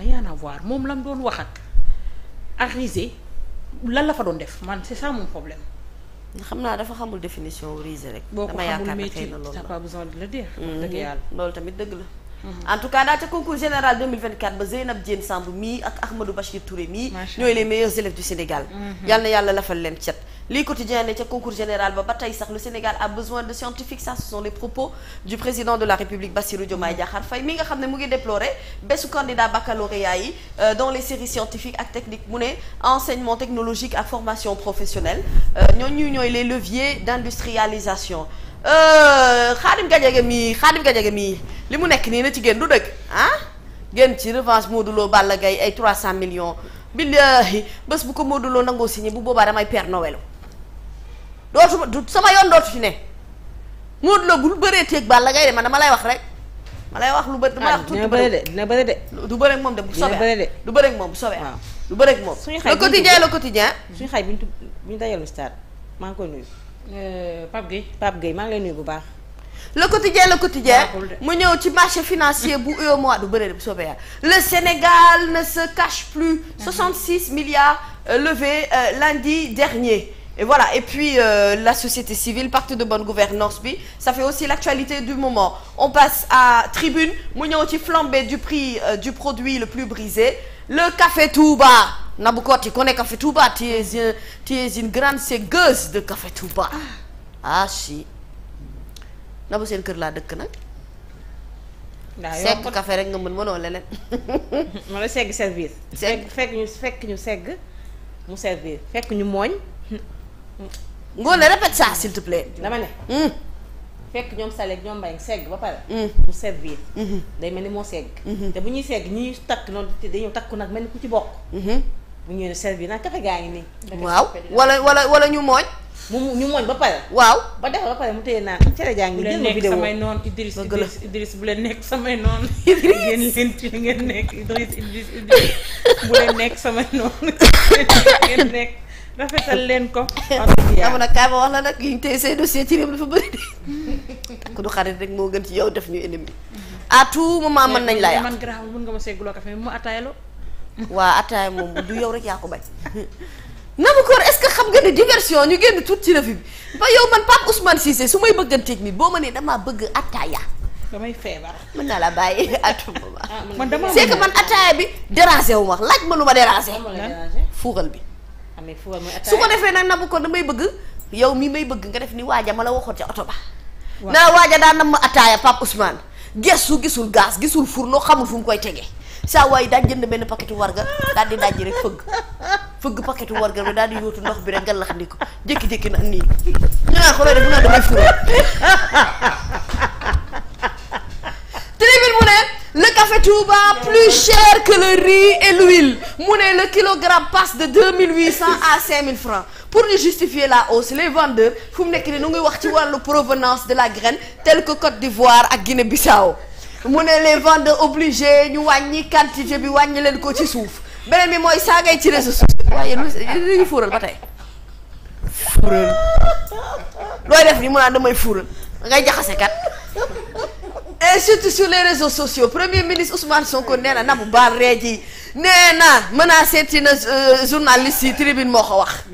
rien à voir moom lam doon wax ak Rizé lan la fa doon def man c'est ça mon problème. xam naa dafa xamul définition wu rek. dama yaakaar ne xëy loolu la boo ko xamul métier t'as loolu tamit dëgg la. Mhm. en tout cas daa ca concours général 2024 ba Zeynab Diène Samb mii ak Ahmadou Bachir Touré mii. ñooy les meilleurs élèves du Sénégal. Mhm. yàlla na yàlla lafal leen cet. lii quotidien ne ca concours général ba ba tey sax le Sénégal a besoin de scientifiques ça ce sont les propos du président de la République Bassirou Diomaye Diakhar Faye mi nga xam ne mu ngi déplorer bésu candidat baccalauréat yi euh, dans les séries scientifiques ak techniques mu ne enseignement technologique ak formation professionnelle euh, ñooñu ñooy les leviers d'industrialisation euh, Khadim Gadiaga mii Khadim Gadiaga mii li mu nekk nii na ci génn du dëgg ah génn ci revanche Modou Lo Balla Gaye ay 300 millions billaahi bés bu ko Modou Lo nangoo signé bu boobaa damay Père Noël dootuma du sama yoon dootu ci ne Modou la bul bëree teeg Balla Gaye de man dama lay wax rek ma lay wax lu bëri dama lay wax tuuti ah, dina bëri de dina bëri du bëri moom de bu sobee du bëri moom bu sobee du bëri ak moom suñu xay le quotidien le quotidien suñu xay biñu biñu dajalu stade maa nga koy nuyu euh, Pape Gueye Pape Gueye maa ngi lay nuyu bu baax le quotidien le quotidien mu ñëw ci marché financier bu UEMOA du bëri de bu soobee yàlla le Sénégal ne se cache plus 66 milliards euh, levés euh, lundi dernier et voilà et puis euh, la société civile pacte de bonne gouvernance bi ça fait aussi l'actualité du moment on passe à tribune mu ñëw ci flambée du prix euh, du produit le plus brisé le café Touba Nabou Cor connaît café Touba tu es une es une grande ségueuse de café Touba ah, ah si Nabou seen kër laa dëkk nag segg café rek nga mën mënoo leneen wala segg service fekk fekk ñu segg mu servir fekk ñu mooñ Ngoné répète ça s'il te plaît. dama ne. Hmm. fekk ñoom Saleck ñoom Mbaye segg ba pare. Hmm. mu servir. Hmm. day mel ni moo segg. te bu ñuy segg ñi takk noonu te dañoo takku nag mel ni ku ci bokk. bu ñu ñëwee servir nag kafe gaa ngi nii. waaw wala wala wala ñu mooñ. mu ñu mooñ ba pare. waaw ba defar ba pare mu téye naan cere jaa ngi jël ma vidéo bu leen nekk samay noonu bu leen nekk samay noonu. Idriss ngeen leen ngeen nekk Idriss Idriss Idriss bu leen nekk samay noonu rafetal leen ko. am na Kaaba wax na nag yi ñu tey say dossier ci réew dafa bëri de. takk du xarit rek moo gën ci yow def ñu ennemi. à tout moment mën nañ laa yàq man garaaw mën nga ma segguloo café mu ataayaloo. waa ataaya moom du yow rek yaa ko bañ. Nabucor est-ce que xam nga ne diversion ñu génn tuut ci revue bi ba yow man Pape Ousmane Cissé su may bëgganteeg mi boo ma nee damaa bëgg ataaya. damay feebar. mën naa la bàyyi à tout moment. Ah, man dama c'est que man ataaya bi déranger wu ma laaj ma lu ma déranger. fuural bi. su ko defee nag nabu ko damay bëgg yow mi may bëgg nga def ni waaja ma la waxoon ca oto ba naa waaja daa nam ma ataaya Pape Ousmane gestu gisul gaz gisul fourneau xamul fu mu koy tegee saa waay daa jënd benn paquetu warga daal di dajji rek fëgg fëgg paquetu warga bi daal di yóotu ndox bi rek nga lax ni ko jékki-jékki na nii ñu naan ko looy def naa damay a tribune mu plus cher que le riz et mu ne le kilogramme passe de deux mille huit cent à cinq mille francs pour ñu justifier la hausse les vendeurs fu mu nekk ni nu ngi wax ci wàllu provenance de la graine telle que Côte d'Ivoire ak Guinée-Bissau mu ne les vendeurs obligés ñu wàññi quantité bi wàññi leen ko ci suuf beneen bi mooy saagay ci réseaux sociaux waaye yéen ñu fuural ba tey fuural looy def ni mu naan damay fuural ngay jaxase kat e surtout sur les réseaux sociaux premier ministre Ousmane Sonko nee na na mu baal ree ji nee na mën naa seeti na euh, journaliste yi tribune moo ko wax.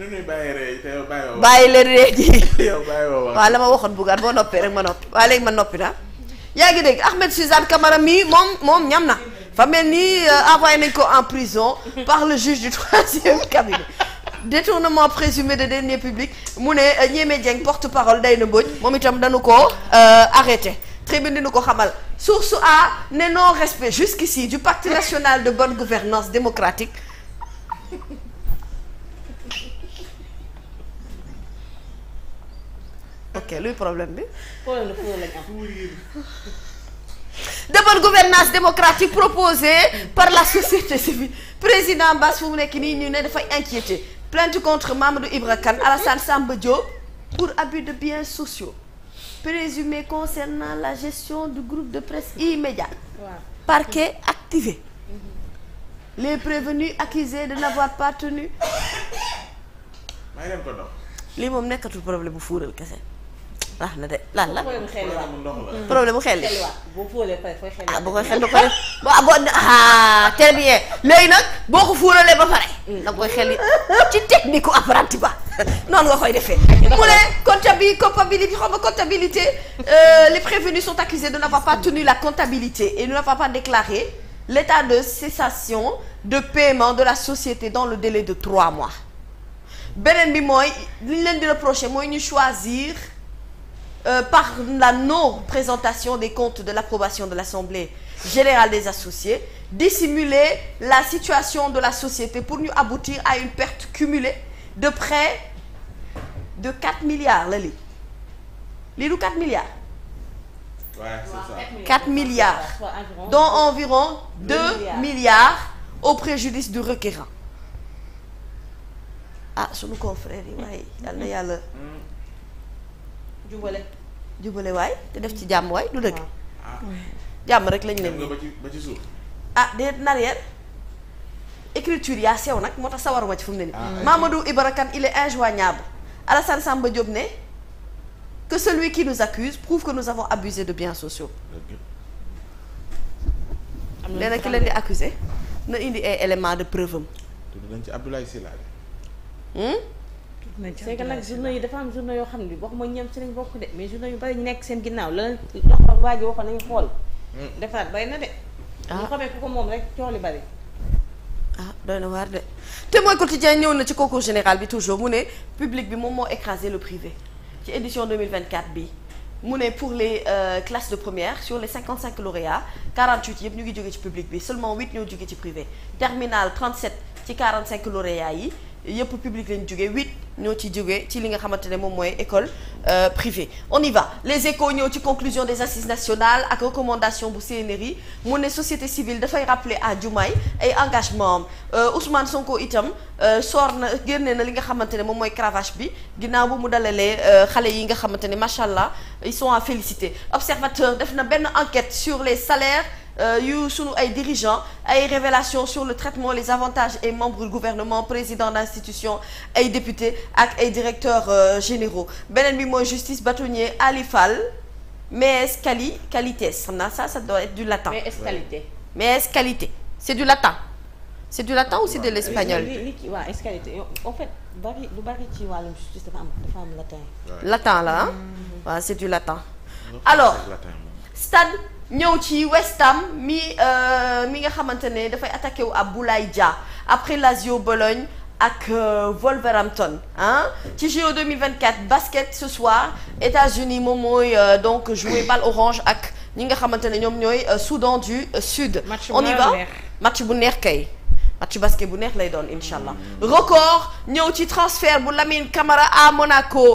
bàyyi leen ree ji. waaw la ma waxoon bugaan boo noppee rek ma noppi waaye léegi ma noppi naa. yaa ngi dégg Ahmed Suzanne Camara mii moom moom ñam na fa mel nii euh, envoyé nañ ko en prison par le juge du troisième cabinet détournement présumé de deniers publics mu ne euh, Ndiémé Dieng porte parole day na Mbodj moom itam dañu ko arrêté. tribune dina ko xamal source A ne non respect jusqu'ici du pacte national de bonne gouvernance démocratique ok luy problème bi de bonne gouvernance démocratique proposée par la société civile président Bass fu mu nekk nii ñu ne dafay inquiété plainte contre Mamadou Ibra Kane Alassane Samba Diop pour abus de biens sociaux présumé concernant la gestion du groupe de presse immédiat ouais. parquet activé mmh. les prévenus accusés de n'avoir pas tenu lii moom nekkatul problème bu fuural kese baax na de lan la problème mu xel li boo fóolee pare fooy xel ah boo koy xel da koy ah boo ah très léegi nag boo ko fuuralee ba pare da mm. koy xel ci technique apprenti ba noonu nga koy defee mu ne comptabilité culpabilité xam nga comptabilité euh, les prévenus sont accusés de n'avoir pas tenu la comptabilité et de n'avoir pas déclaré l'état de cessation de paiement de la société dans le délai de trois mois beneen bi mooy li ñu leen di reprocher mooy ñu choisir euh, par la non présentation des comptes de l'approbation de l'assemblée générale des associés dissimuler la situation de la société pour ñu aboutir à une perte cumulée de près de 4 milliards la lii lii du 4 milliards. Ouais, milliards dont environ 2 milliards au préjudice du requérant. ah sunu confrère yi waaye yal na yàlla. Mm. jubale. jubale te def ci jàmm waay du dëgg. Ah. Ah. jàmm rek lañ leen. ba ah déet nariyeel écriture yaa sew nag moo tax sawaruma ci fu mu ne nii. Ah, Mamadou Ibra il est injoignable. Alassane Samba Diop ne que celui qui nous accuse prouve que nu avons abusé de biens sociaux. am na ki leen di accusé na indi ay éléments de preuve am. tudd nañ ci Abdoulaye Sylla. Hmm? c'est que nag journaux yi dafa am journaux yoo xam ne waxuma ñoom ci lañ bokk de mais journaux yu bari nekk seen ginnaaw leen la waa ji waxoon nañu xool. Hmm. defaat bari na de. ah ñu xamee ku ko moom rek coow li bari. doy na waar de na ci concours général bi toujours mu ne public bi moom moo écrasé le privé ci édition 2024 bi mu ne pour les euh, classes de première sur les 55 lauréats 48 yëpp ñu ngi jóge ci public bi seulement 8 ñoo jóge ci privé terminal 37 ci 45 lauréats yi yëpp public lañ jóge 8 ñoo ci jógee ci li nga xamante ne moom mooy école euh, privée on y va les échos ñëw ci conclusion des assises nationales ak recommandation bu CNRI mu ne société civile dafay rappeler à Diomaye ay engagement am euh, Ousmane Sonko itam euh, soor na génne na li nga xamante ne moom mooy cravage bi ginnaaw bu mu dalalee xale yi nga xamante ne macha allah ils sont à observateur def na benn enquête sur les salaires Euh, yu sunu ay dirigeants ay révélations sur le traitement les avantages et membres du gouvernement président d'institution ay députés ak ay directeurs euh, généraux beneen bi mooy justice bâtonnier Ali Fall mais quali qualité xam naa ça ça doit être du latin. mais qualité. mais qualité c'est du latin. c'est du latin ou c'est de l'espagnol li li waaw escalité en fait bari lu bari ci wàllum justice dafa am dafa am latin. latin la mm-hmm. ah. waaw c'est du latin. alors stade. ñëw ci West Ham euh, mi nga xamante ne dafay attaqué wu ab Boulaye Dia après Lazio Bologne ak euh, Wolverhampton ah ci JO 2024 basket ce soir États-Unis moom mooy euh, donc jouer balle orange ak ñi nga xamante ne ñoom ñooy Soudan du Sud. on y va match bu neex kay. match basket bu neex lay doon incha allah record ñëw ci transfert bu Lamine Camara Monaco.